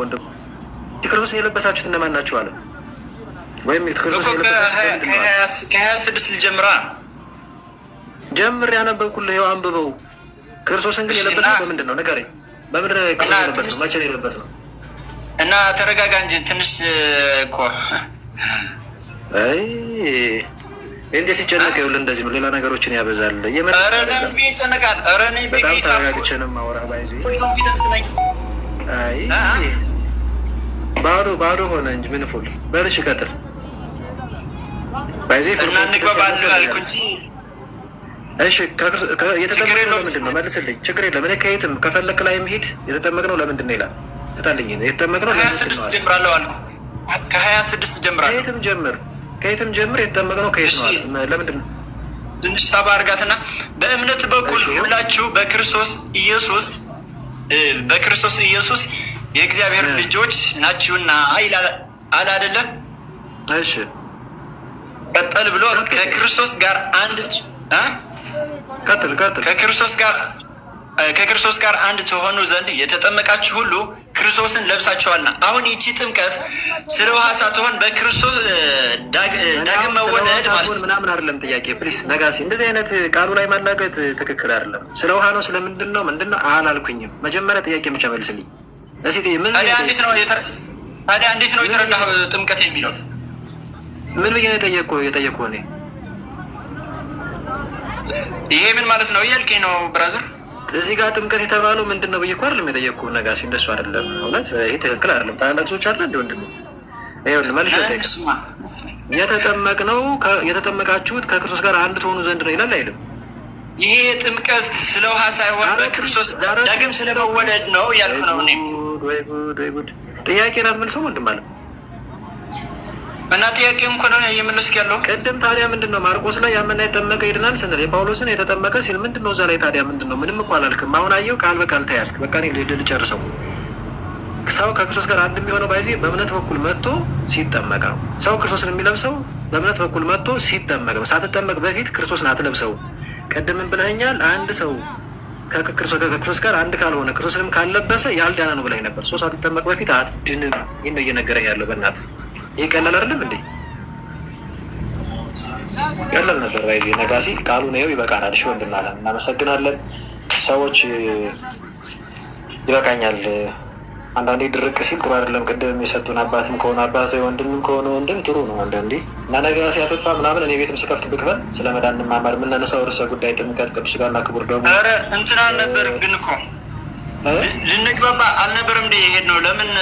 ወንድም ክርስቶስን የለበሳችሁት እነማን ናችሁ አለ። ወይም ከሀያ ስድስት ልጀምራ ጀምር ያነበብኩልህ ይኸው አንብበው። ክርስቶስን ግን የለበሰው በምንድን ነው ንገረኝ። በምድር መቼ ነው የለበስነው? እና ተረጋጋ እንጂ ትንሽ እኮ እንዴ ሲጨነቅ ይኸውልህ እንደዚህ ነው። ሌላ ነገሮችን ያበዛል። ይጨነቃል። በጣም ተረጋግቼንም አወራ ባይዘ ባዶ ባዶ ሆነ እንጂ ምን ፉል በርሽ ቀጥል ባይዜ እሺ የተጠመቅነው ለምንድን ነው? መልስልኝ። ችግር የለም እኔ ከየትም ከፈለክ ላይ መሄድ የተጠመቅነው ለምንድን ነው ይላል። ፍታልኝ። የተጠመቅነው ከሀያ ስድስት ጀምራለሁ። ከየትም ጀምር፣ ከየትም ጀምር። የተጠመቅነው ከየት ነው? ለምንድን ነው? ትንሽ ሳባ አድርጋትና በእምነት በኩል ሁላችሁ በክርስቶስ ኢየሱስ በክርስቶስ ኢየሱስ የእግዚአብሔር ልጆች ናችሁና ይላል አይደለም። እሺ ቀጠል ብሎ ከክርስቶስ ጋር አንድ ቀጥል ቀጥል ከክርስቶስ ጋር ከክርስቶስ ጋር አንድ ተሆኑ ዘንድ የተጠመቃችሁ ሁሉ ክርስቶስን ለብሳችኋልና። አሁን ይቺ ጥምቀት ስለ ውሃ ሳትሆን በክርስቶስ ዳግም መወለድ ማለት ምናምን አይደለም። ጥያቄ ፕሊስ ነጋሴ፣ እንደዚህ አይነት ቃሉ ላይ ማላገጥ ትክክል አይደለም። ስለ ውሃ ነው። ስለምንድን ነው ምንድን ነው አላልኩኝም። መጀመሪያ ጥያቄ ብቻ መልስልኝ። ምን ታዲያ እንዴት ነው ታዲያ ነው የተረዳህ ጥምቀት የሚለው? ምን ብዬ ነው የጠየቅኩህ? የጠየቅኩህ እኔ ይሄ ምን ማለት ነው እያልከኝ ነው ብራዘር? እዚህ ጋር ጥምቀት የተባለው ምንድን ነው ብዬ እኮ አይደለም የጠየቅኩህ። ነጋሲ እንደሱ አይደለም። እውነት ይሄ ትክክል አይደለም። ታላላቅ ሰዎች አለ እንዲ ወንድም ይሁን መልሽ የተጠመቅ ነው የተጠመቃችሁት ከክርስቶስ ጋር አንድ ትሆኑ ዘንድ ነው ይላል አይልም? ይሄ ጥምቀት ስለ ውሃ ሳይሆን በክርስቶስ ዳግም ስለመወለድ ነው እያልኩ ነው እኔ ጉድ ወይ ጉድ ወይ ጉድ! ጥያቄን አትመልሰውም ወንድም አለ እና ጥያቄ እንኳ ነው እየመለስክ ያለው ቅድም። ታዲያ ምንድን ነው ማርቆስ ላይ ያመና የጠመቀ ይድናል ስንል የጳውሎስን የተጠመቀ ሲል ምንድን ነው እዛ ላይ ታዲያ ምንድን ነው? ምንም እኮ አላልክም። አሁን አየው ቃል በቃል ተያዝክ። በቃ ልጨርሰው። ሰው ከክርስቶስ ጋር አንድ የሚሆነው ባይዜ በእምነት በኩል መጥቶ ሲጠመቀ ነው። ሰው ክርስቶስን የሚለብሰው በእምነት በኩል መጥቶ ሲጠመቅ ነው። ሳትጠመቅ በፊት ክርስቶስን አትለብሰው። ቅድምን ብለኸኛል። አንድ ሰው ከክርስቶስ ጋር አንድ ካልሆነ ክርስቶስንም ካለበሰ ያልዳነ ነው ብላኝ ነበር። ሶስት አትጠመቅ በፊት አትድንም። ይህ ነው እየነገረ ያለው። በእናት ይህ ቀላል አይደለም እንዴ? ቀላል ነበር። ባይ ነጋሲ ቃሉ ነው ይበቃናል። እሺ ወንድም አለን። እናመሰግናለን። ሰዎች ይበቃኛል አንዳንዴ ድርቅ ሲል ጥሩ አይደለም። ቅድም የሰጡን አባትም ከሆነ አባት ወንድምም ከሆነ ወንድም ጥሩ ነው። አንዳንዴ እና ነገር ሲያተጥፋ ምናምን እኔ ቤትም ስከፍት ብክፈል ስለ መዳን ማማር የምናነሳው ርዕሰ ጉዳይ ጥምቀት፣ ቅዱስ ሥጋና ክቡር ደግሞ እንትን አልነበር ግን እኮ ልንግባባ አልነበርም። እንደ ይሄድ ነው ለምን